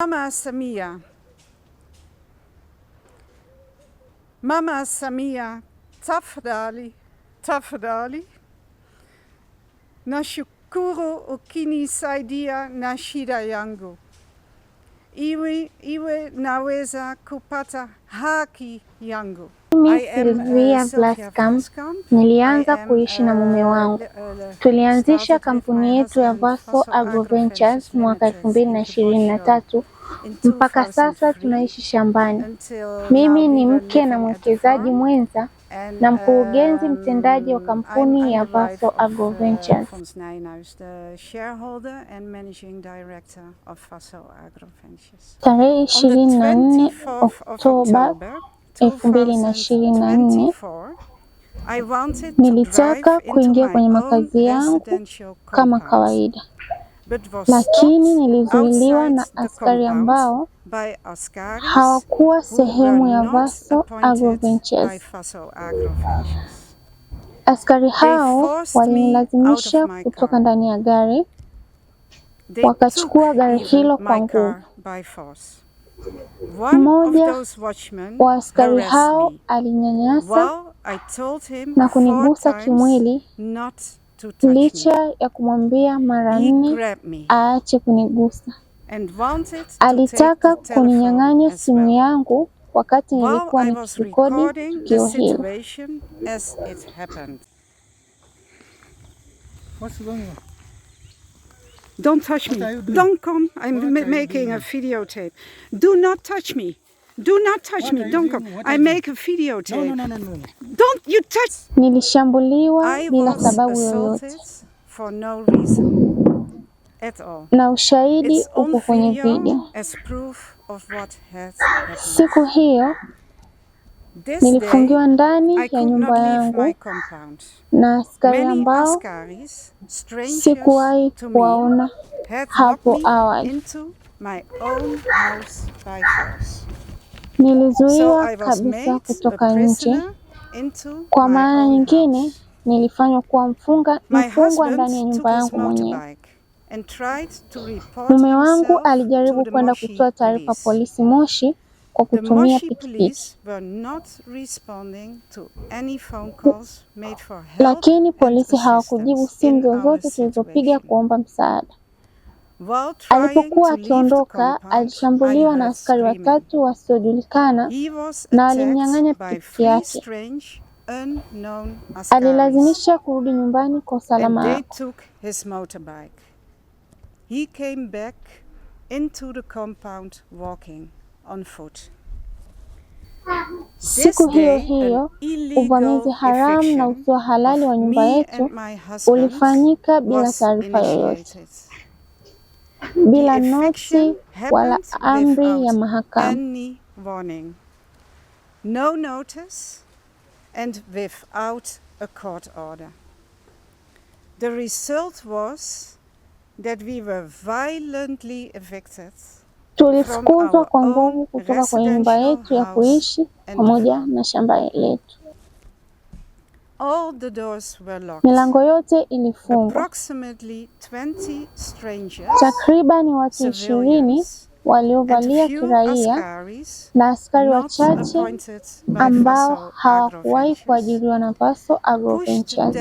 Mama Samia, Mama Samia, tafadhali tafadhali, nashukuru ukinisaidia na shida yangu, iwe iwe naweza kupata haki yangu. Mimi Silvia uh, Vlascam nilianza kuishi na uh, mume wangu. Uh, Tulianzisha kampuni yetu ya Vasco Agro Ventures mwaka elfu mbili na ishirini na tatu mpaka sasa tunaishi shambani. Mimi ni mke na mwekezaji mwenza na mkurugenzi um, mtendaji wa kampuni ya Vasco Agro Ventures. Tarehe ishirini na nne Oktoba elfu mbili na ishirini na nne nilitaka kuingia kwenye makazi yangu kama kawaida, lakini nilizuiliwa na askari ambao hawakuwa sehemu ya Vaso Agroventures. Askari hao walinilazimisha kutoka ndani ya gari, wakachukua gari hilo kwa nguvu. Mmoja wa askari hao alinyanyasa na kunigusa kimwili licha ya kumwambia mara nne aache kunigusa. Alitaka kuninyang'anya simu yangu wakati nilikuwa nikirekodi tukio hilo. Don't touch what me. Don't come. I'm ma making a videotape. Do not touch me. Do not touch me. Don't come. I make a videotape. No, no, no, no. Don't you touch. Nilishambuliwa bila sababu yoyote. For no reason at all. Na ushahidi uko kwenye video. Siku hiyo Nilifungiwa ndani ya nyumba yangu na askari ambao sikuwahi kuwaona hapo awali. Nilizuiwa kabisa kutoka nje. Kwa maana nyingine, nilifanywa kuwa mfunga mfungwa ndani ya nyumba yangu mwenyewe. Mume wangu alijaribu kwenda kutoa taarifa polisi Moshi kwa kutumia pikipiki. Lakini polisi hawakujibu simu zozote zilizopiga kuomba msaada. Alipokuwa akiondoka, alishambuliwa na askari watatu wasiojulikana na walimnyang'anya pikipiki yake. Alilazimisha kurudi nyumbani kwa usalama wake on foot. Siku hiyo hiyo uvamizi haramu na usio halali wa nyumba yetu ulifanyika bila taarifa yoyote, bila noti wala amri ya mahakama. No notice and without a court order. The result was that we were violently evicted. Tulifukuzwa kwa nguvu kutoka kwenye nyumba yetu ya kuishi pamoja na shamba letu. Milango yote ilifungwa. Takriban watu ishirini waliovalia kiraia na askari wachache ambao hawakuwahi kuajiriwa na Paso Agroventures.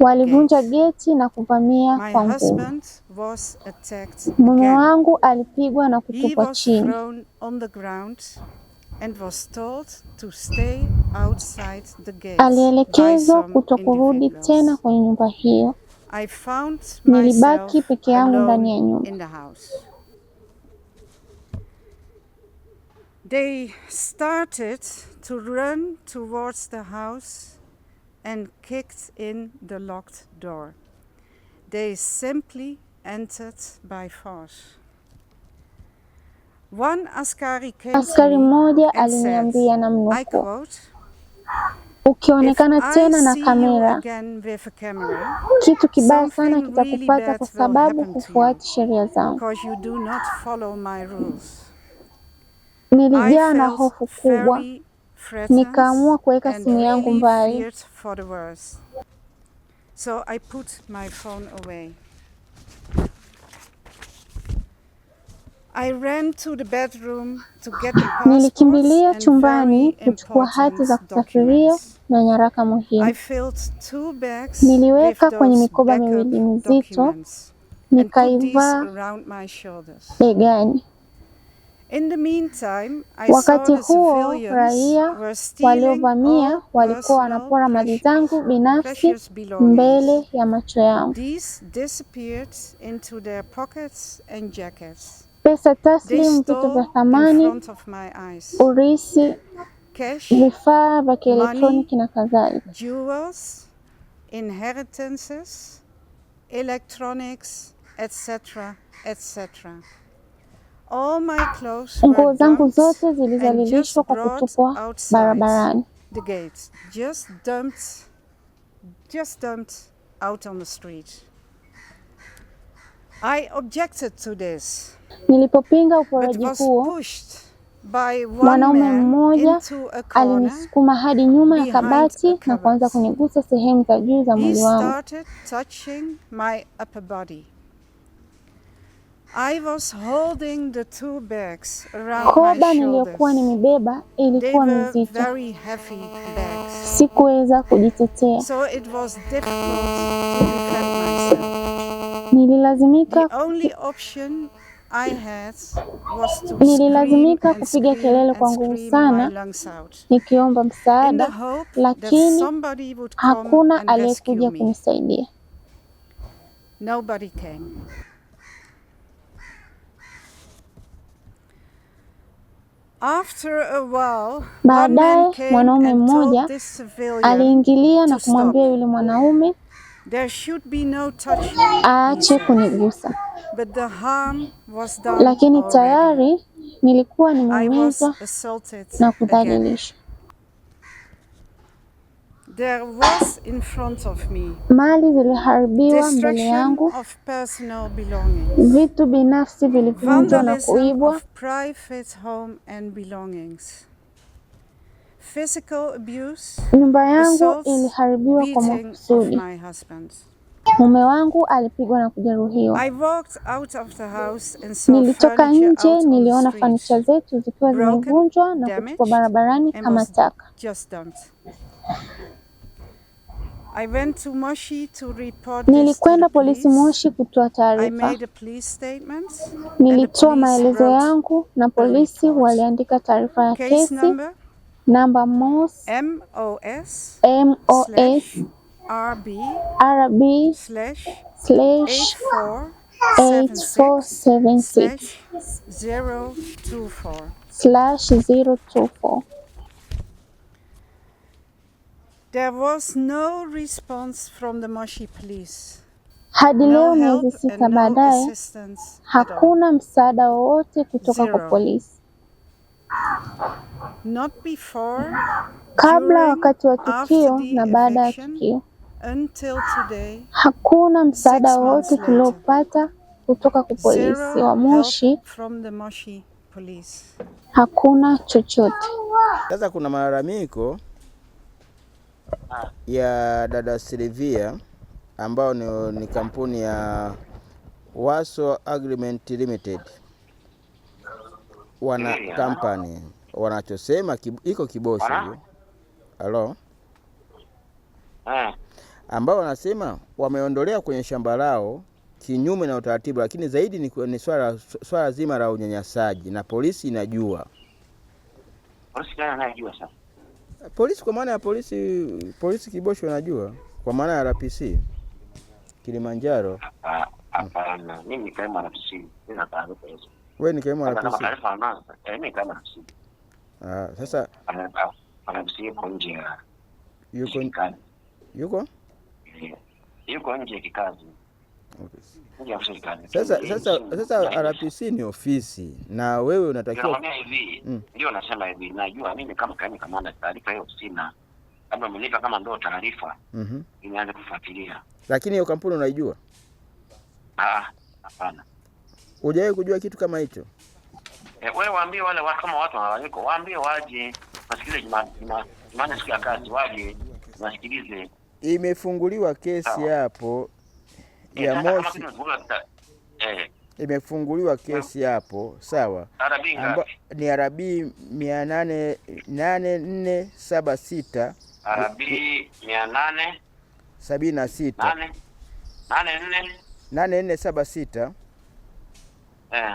Walivunja geti na kuvamia kwa nguvu. Mume wangu alipigwa na kutupwa chini. Alielekezwa kutokurudi tena kwenye nyumba hiyo. Nilibaki peke yangu ndani ya nyumba. They started to run towards the house and kicked in the locked door. They simply entered by force. One askari came askari mmoja aliniambia na mnukuu Ukionekana tena na kamera, kitu kibaya sana kitakupata kwa sababu hufuati sheria zangu. Nilijaa na hofu kubwa, nikaamua kuweka simu yangu mbali. So I put my phone away. I ran to the bedroom to get the Nilikimbilia chumbani kuchukua hati za kusafiria na nyaraka muhimu. Niliweka kwenye mikoba miwili mizito, nikaivaa begani. Wakati huo raia waliovamia walikuwa wanapora mali zangu binafsi mbele ya macho yangu. Pesa taslimu, vitu vya thamani, urisi vifaa vya kielektroniki na kadhalika. Jewels, inheritances, electronics, etc, etc. Nguo zangu zote zilizalilishwa kwa kutupwa barabarani. Nilipopinga uporaji huo Mwanaume mmoja alinisukuma hadi nyuma ya kabati na kuanza kunigusa sehemu za juu za mwili wangu. Koba niliyokuwa nimebeba ilikuwa mizito, sikuweza kujitetea. Nililazimika Nililazimika kupiga kelele kwa nguvu sana nikiomba msaada, lakini hakuna aliyekuja kunisaidia. Baadaye mwanaume mmoja aliingilia na kumwambia yule mwanaume There should be no touch. aache kunigusa. But the harm was done, lakini tayari nilikuwa nimeumizwa na kudhalilishwa. There was in front of me. Mali ziliharibiwa mbele yangu, vitu binafsi vilivunjwa na kuibwa, private home and belongings nyumba yangu iliharibiwa kwa makusudi. Mume wangu alipigwa na kujeruhiwa. Nilitoka nje, niliona fanicha zetu zikiwa zimevunjwa na kutupwa barabarani kama taka. Nilikwenda polisi Moshi kutoa taarifa. Nilitoa maelezo yangu na polisi waliandika taarifa ya kesi Namba MOS MOS RB RB slash slash 8476 024 slash 024. There was no response from the Moshi police. Hadi leo no miezi sita baadaye, no hakuna msaada wowote kutoka kwa polisi kabla, wakati wa tukio na baada ya tukio. Hakuna msaada wote tuliopata kutoka kwa polisi wa Moshi, hakuna chochote. Sasa kuna malalamiko ya dada Silvia ambayo ni, ni kampuni ya Waso Agreement Limited wana kampani wanachosema kib, iko Kibosho hiyo. Halo eh. ambao wanasema wameondolea kwenye shamba lao kinyume na utaratibu, lakini zaidi ni, ni swala, swala zima la unyanyasaji na polisi inajua. Polisi kana anajua sasa. Polisi kwa maana ya polisi polisi Kibosho anajua kwa maana ya RPC Kilimanjaro. Ah, hapana, mimi kama RPC sina taarifa hizo. Wewe ni kama RPC. Ah, sasa mwanamsi yuko nje ya yuko yuko eh, yuko nje kikazi. Okay. Sasa sasa sasa RPC ni ofisi na wewe unatakiwa unatakiwa hivi. Mm. Ndio nasema hivi. Najua mimi kama kama kamanda taarifa hiyo sina. Kama mnipa kama ndio taarifa. Mhm. Nianze kufuatilia. Lakini hiyo kampuni unaijua? Ah, hapana. Hujawahi kujua kitu kama hicho? Eh, wewe waambie wale watu kama watu wanalalamika, waambie waje wasikilize Jumanne siku ya kazi, waje wasikilize. Imefunguliwa kesi hapo eh, ya Mosi, eh. imefunguliwa kesi hapo sawa, Amba, ni arabi mia nane nane nne saba sita arabii mia nane sabini na sita nane nne saba sita eh